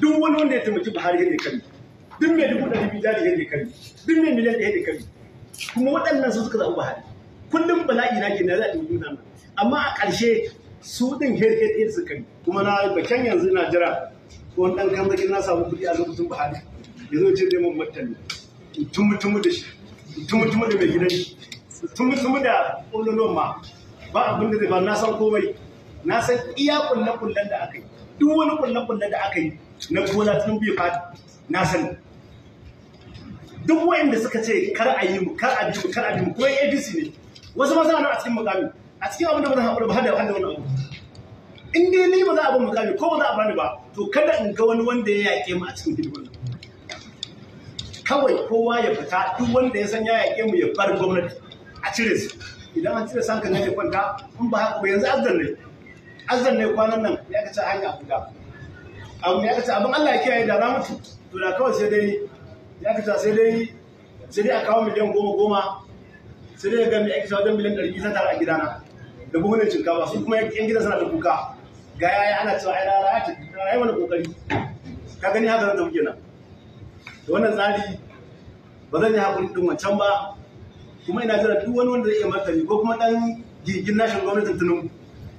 duk wani wanda ya taimaki buhari yadda kari duk mai dubu ɗari biyu jari yadda kari duk mai miliyan ɗaya kari kuma waɗannan su suka zaɓi buhari kullum bala'i na gina za a ɗauki nan amma a ƙarshe su ɗin herhe ɗaya suka yi kuma na bakin yanzu na jira wani ɗan kan bakin na samu kuɗi a lokacin buhari ya zo ce zai mun martani tumutumu da shi tumutumu da mai gidan shi tumutumu da ƙololon ma ba abin da zai ba na san komai na san iya kulle-kullen da aka yi duk wani kulle-kullen da aka yi na bola tun bi fadi na sani duk wayanda suka ce kar a yi mu kar a bi mu kar a bi mu ko ADC ne wasu ma suna nan a cikin mukami a cikin abin da ba zan haƙura ba hada da wannan abu in dai ni ba za a bar mukami ko ba za a bani ba to kada in ga wani wanda ya yaƙe mu a cikin hidimar kawai kowa ya fita duk wanda ya san ya yaƙe mu ya bar gwamnati a cire su idan an cire sanka ne ya kwanta in ba haka ba yanzu azan ne azan ne kwanan nan ya kace hanya fita abu ne kace abin Allah ya kiyaye da na mutu to da kawai sai dai ya kace sai dai sai dai a kawo miliyan goma goma sai dai ga mai aiki wajen miliyan ɗari biyu ta a gidana da buhunan shinkafa su kuma yan gidan suna da kuka ga yaya ana cewa ai rara ya tafi rayuwa wani kokari ka gani haka zan tafi nan. da wannan tsari ba zan yi hakuri din wancan ba kuma ina jira duk wani wanda zai iya martani ko kuma dan gigin nashin gwamnatin tunubu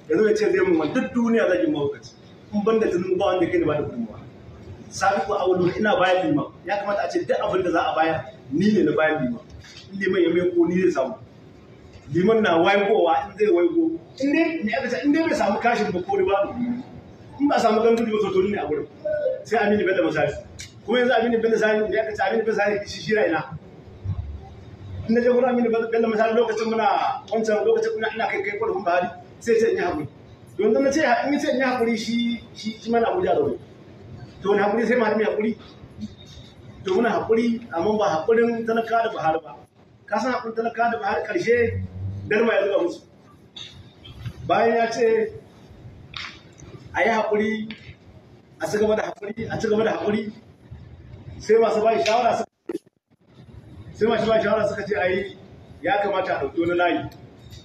yanzu ya ce zai mun duk duniya zagin mahaukaci kun ban da tunubu ba wanda kai da bada gudunmuwa ko awwalu ina bayar liman ya kamata a ce duk abin da za a bayar ni ne na bayar liman in liman ya mai ko ni ne samu liman na waigowa in zai waigo in dai me aka ce in dai bai samu kashin ba ko riba in ba samu gandu ba to ne a gurin sai amini bello masari kuma yanzu amini bello sani ne aka ce amini bello sani shi shira ina in na je gurin amini bello masari lokacin muna wancan lokacin muna ina kai kai kwalhun bahari sai ce in yi haƙuri yanzu na ce in ce in hakuri shi shi shi mana abuja da wani to wani hakuri sai ma mai hakuri to muna hakuri amma ba hakurin talaka da Buhari ba ka san hakurin talaka da Buhari karshe darma ya zuba musu bayan ya ce a yi hakuri a ci gaba da hakuri a ci gaba da hakuri sai masu bai shawara suka sai masu bai shawara suka ce a yi ya kamata a ɗauki wani layi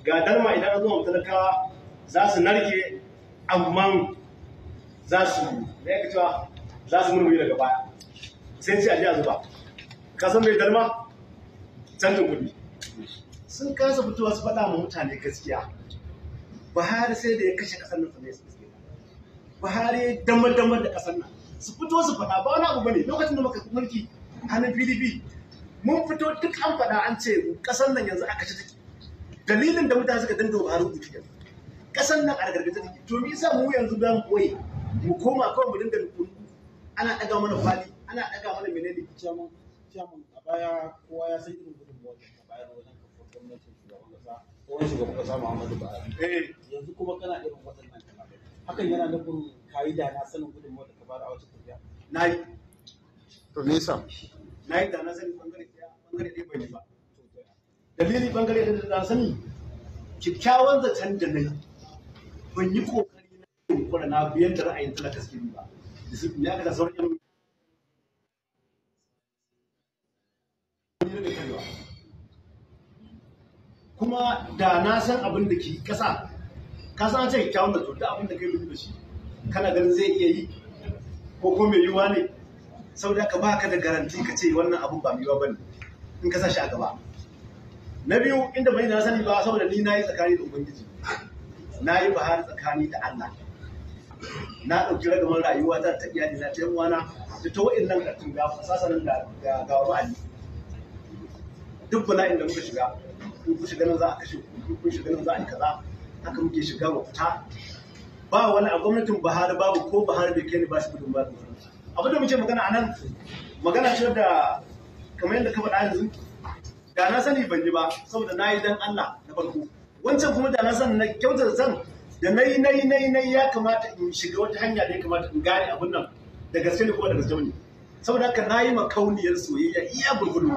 ga darma idan an zuwa talakawa za su narke amma za su da yake cewa za su murmuri daga baya sai ce aje a zuba Kasan mai dalma canjin kuɗi sun kasa fitowa su faɗa ma mutane gaskiya Buhari sai da ya kashe ƙasar nan sannan su gaskiya Buhari damar-damar da ƙasar nan su fito su faɗa ba wani abu bane lokacin da muka mulki hannun PDP mun fito duk an faɗa an ce ƙasar nan yanzu aka ci take dalilin da mutane suka dinga Buhari rubutu yanzu kasan nan a gargaje take to me yasa mu yanzu za mu koyi mu koma kawai mu dinga nuku ana daga mana fali ana daga mana menene chairman chairman a baya kowa ya san irin gudunmuwar da ka bayar wajen kafa gwamnatin shugaban kasa ko wani shugaban kasa Muhammadu Buhari eh yanzu kuma kana irin waɗannan ba. hakan yana nufin kayi da na sanin gudun da ka bayar a wata tafiya nayi to me yasa nayi da na sanin bangare ɗaya bangare ɗaya bai ba dalili bangare da na sani kyakkyawan zaton da na yi ban yi kokari na kula na biyan da ra'ayin talaka suke ba ne aka da sauran yan kuma da na san abin da ke kasa ka san ce kyawun da to da abin da kai rubuta shi kana ganin zai iya yi ko ko mai yiwa ne Sau da ka ba ka da garanti ka ce wannan abin ba mai yiwa bane in ka sa shi a gaba na biyu inda bai na sani ba saboda ni na yi tsakani da ubangiji na yi bahar tsakani da Allah na ɗauki ragamar rayuwa ta ta iyali na ta yawana da ta wa'in nan ƙarfin ga sasanin da ga wa ma'ali duk bana inda muka shiga kun shiga nan za a kashe kun shiga nan za a yi kaza haka muke shiga wa fita ba wani a gwamnatin Buhari babu ko Buhari bai kai ni ba shi gudun ba abin da muke magana a nan, magana ce da kamar yadda ka faɗa yanzu da na sani ban yi ba saboda na yi dan Allah na farko wancan kuma da na san na kyautar san da na yi na yi na yi na ya kamata in shiga wata hanya da ya kamata in gane abin nan da gaske ne kuma da gaske saboda haka na yi makauniyar soyayya iya gurgudu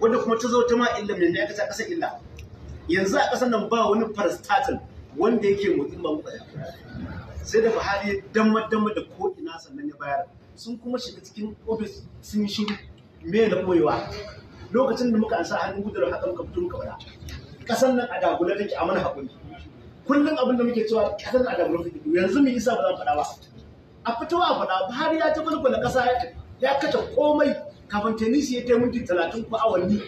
wanda kuma ta zo ta ma illa mai ya kasa kasa illa yanzu a kasan nan ba wani parastatal wanda yake motsin ba muka sai da Buhari damma damma da ko ina sannan ya bayar sun kuma shiga cikin ofis sun shiru me da boyewa lokacin da muka ansa hannun gudunar haka muka fito muka bada kasan nan a dagula take a mana hakuri kullum abin da muke cewa kasan a dagula take yanzu mu isa ba za mu faɗa ba a fitowa a faɗa Buhari ya ta bulbula ƙasa ya kace komai kafin tenisi ya taimunti talatin ko awanni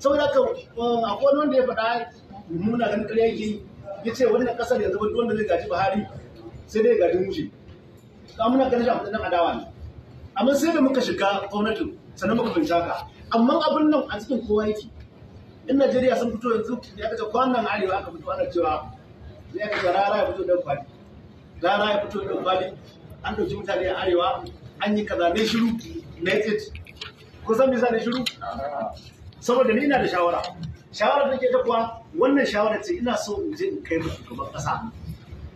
saboda ka uh, akwai wanda ya faɗa muna ganin ƙarya yake ya ce wani na ƙasar yanzu wani wanda zai gaji Buhari sai dai gaji mushe ka muna ganin shi a matsayin adawa ne amma sai da muka shiga gwamnatin sannan muka bincaka amma abin nan a cikin kowa yake in najeriya sun fito yanzu ya kace kwanan arewa aka fito ana cewa ya kace rara ya fito dan kwali rara ya fito dan kwali an dauki mutane a arewa an yi kaza ne shiru united san bisa ne shiru saboda ni ina da shawara shawara da ke ta kuwa wannan shawara ce ina so in je in kai mu gaban kasa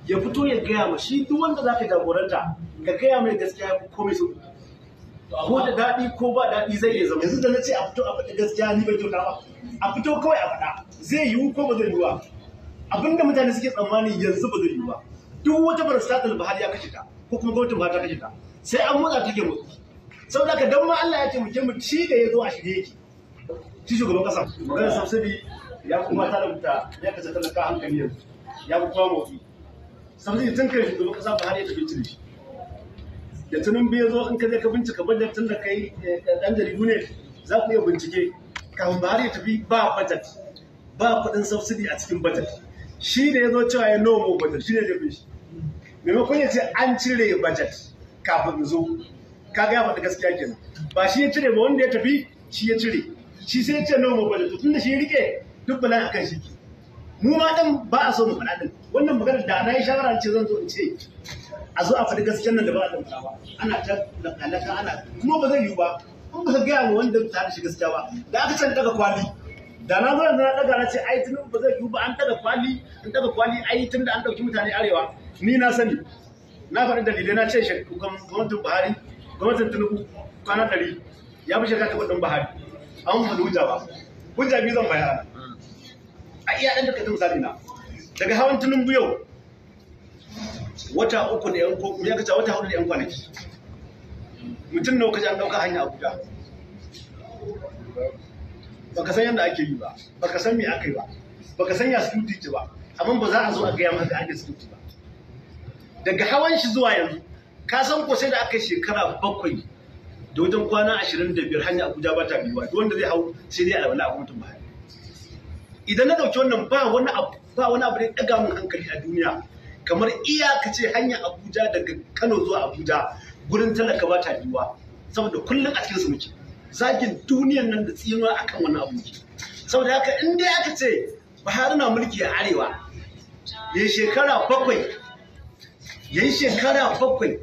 ya fito ya gaya ma shi duk wanda za ka jagoranta ka gaya mai gaskiya komai so ko da daɗi ko ba daɗi zai iya zama yanzu da na ce a fito a faɗi gaskiya ni bai kyauta ba a fito kawai a faɗa zai yiwu ko ba zai yiwu abinda mutane suke tsammani yanzu ba zai yiwu duk wata barasta Buhari ya kashe ta ko kuma gwamnatin Buhari ta kashe ta sai an motsa take motsi saboda ka dan ma Allah ya ce mu ci shi da yazo a shige yake shi shugaban kasa maganar subsidy ya kuma ta rubuta ya kace talaka hankali yanzu ya kuma motsi subsidy tun kai shugaban kasa Buhari ya tafi cire shi da tunan biya zo in ka je ka bincika budget tun da kai dan eh, jaridu ne za ku iya bincike kafin ya tafi ba budget ba kudin subsidy a cikin budget shi ne ya zo cewa ya no more budget shi ne da shi maimakon ya ce an cire budget kafin zo ga ya faɗi gaskiya kenan ba shi ya cire ba wanda ya tafi shi ya cire shi sai ya ce no more budget tun da shi rike duk bala akan shi ke mu ma dan ba a so mu faɗa ɗin wannan maganar da na yi shawara ce zan zo in ce a zo a faɗi gaskiyar nan da ba a ɗan ana ta lakalaka ana kuma ba zai yiwu ba kun ka gaya wa wanda ta da shi gaskiya ba da aka can daga kwali da na zo na daga na ce ai tunan ba zai yiwu ba an daga kwali an daga kwali ai tun da an dauki mutane arewa ni na sani na faɗi dalilai na ce gwamnatin Buhari gwamnatin Tinubu kwana ɗari ya fi shekara takwas ɗin Buhari an faɗi hujja ba hujja biyu zan bayana a iya ɗan takaitun misali na daga hawan Tinubu yau wata uku ne yan ko ya kace wata hudu ne yan kwanaki mutum na kaji an ɗauka hanya abuja baka san yadda ake yi ba baka san me aka yi ba baka san ya security ba amma ba za a zo a gaya maka ake security ba daga hawan shi zuwa yanzu ka san ko sai da aka shekara bakwai da wajen kwana ashirin da biyar hanya abuja ba ta biyuwa duk wanda zai hau sai dai alwala a mutum ba idan na ɗauki wannan ba wani abu ba wani abu da ya ɗaga min hankali a duniya kamar iya ka ce hanya abuja daga kano zuwa abuja gurin talaka ba ta yiwa saboda kullum a cikin su muke zagin duniyan nan da tsinuwa akan wani abu saboda haka in dai aka ce Buhari na mulki a arewa ya shekara bakwai ya yi shekara bakwai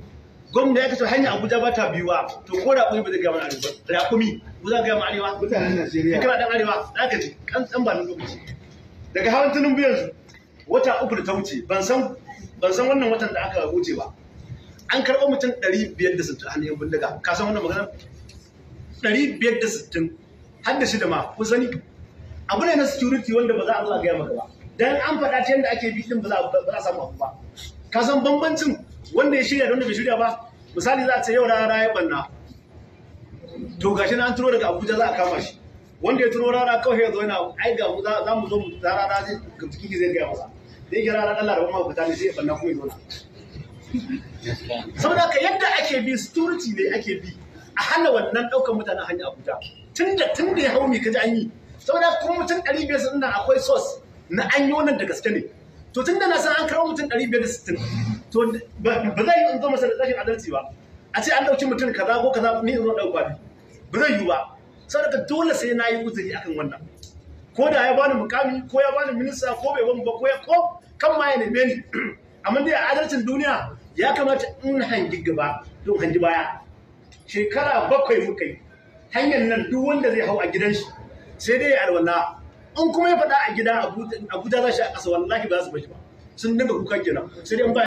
gwamna ya kace hanyar abuja ba ta biyuwa to ko da kuma ba zai gama arewa Da raƙumi ba za ka gama arewa mutanen najeriya kira dan arewa za ka ji kan tsan ba nan lokaci daga hawan tunin biyan wata uku da ta wuce ban san wannan watan da aka wuce ba an karɓo mutum 560 hannun yan bindiga ka san wannan magana 560 har da da ma kun sani abu ne na security wanda ba za a zuwa a gaya maka ba dan an faɗa ta yadda ake bitin ba za a samu abu ba ka san bambancin wanda ya shirya da wanda bai shirya ba misali za a ce yau rana ya banna to gashi na an turo daga abuja za a kama shi wanda ya turo rana kawai ya zo yana ai ga mu za mu zo mu ta rana zai ga cikin zai gaya masa zai ga rana dan laraba ma fita ne sai ya banna kuma ya zo na saboda ka yadda ake bi security ne ake bi a hana wannan ɗaukar mutane hanya abuja tun da tun da ya hau mai kaji an yi saboda kuma mutum ɗari biyar sun nan akwai sos na an yi wannan da gaske ne to tun da na san an kawo mutum ɗari biyar da sittin to ba zai yi in zo masa da tsakin adalci ba a ce an ɗauki mutum kaza ko kaza ni in zo ɗauka ne ba zai yi ba saboda dole sai na yi uzuri akan wannan ko da ya bani mukami ko ya bani minista ko bai bani ba ko ya ko kan ma ya neme ni amma dai a adalcin duniya ya kamata in hangi gaba don hangi baya shekara bakwai muka yi hanyar nan duk wanda zai hau a gidan shi sai dai ya alwala in kuma ya faɗa a gida abuja za shi a ƙasa wallahi ba za su bashi ba sun dinga kuka kenan sai dai in ba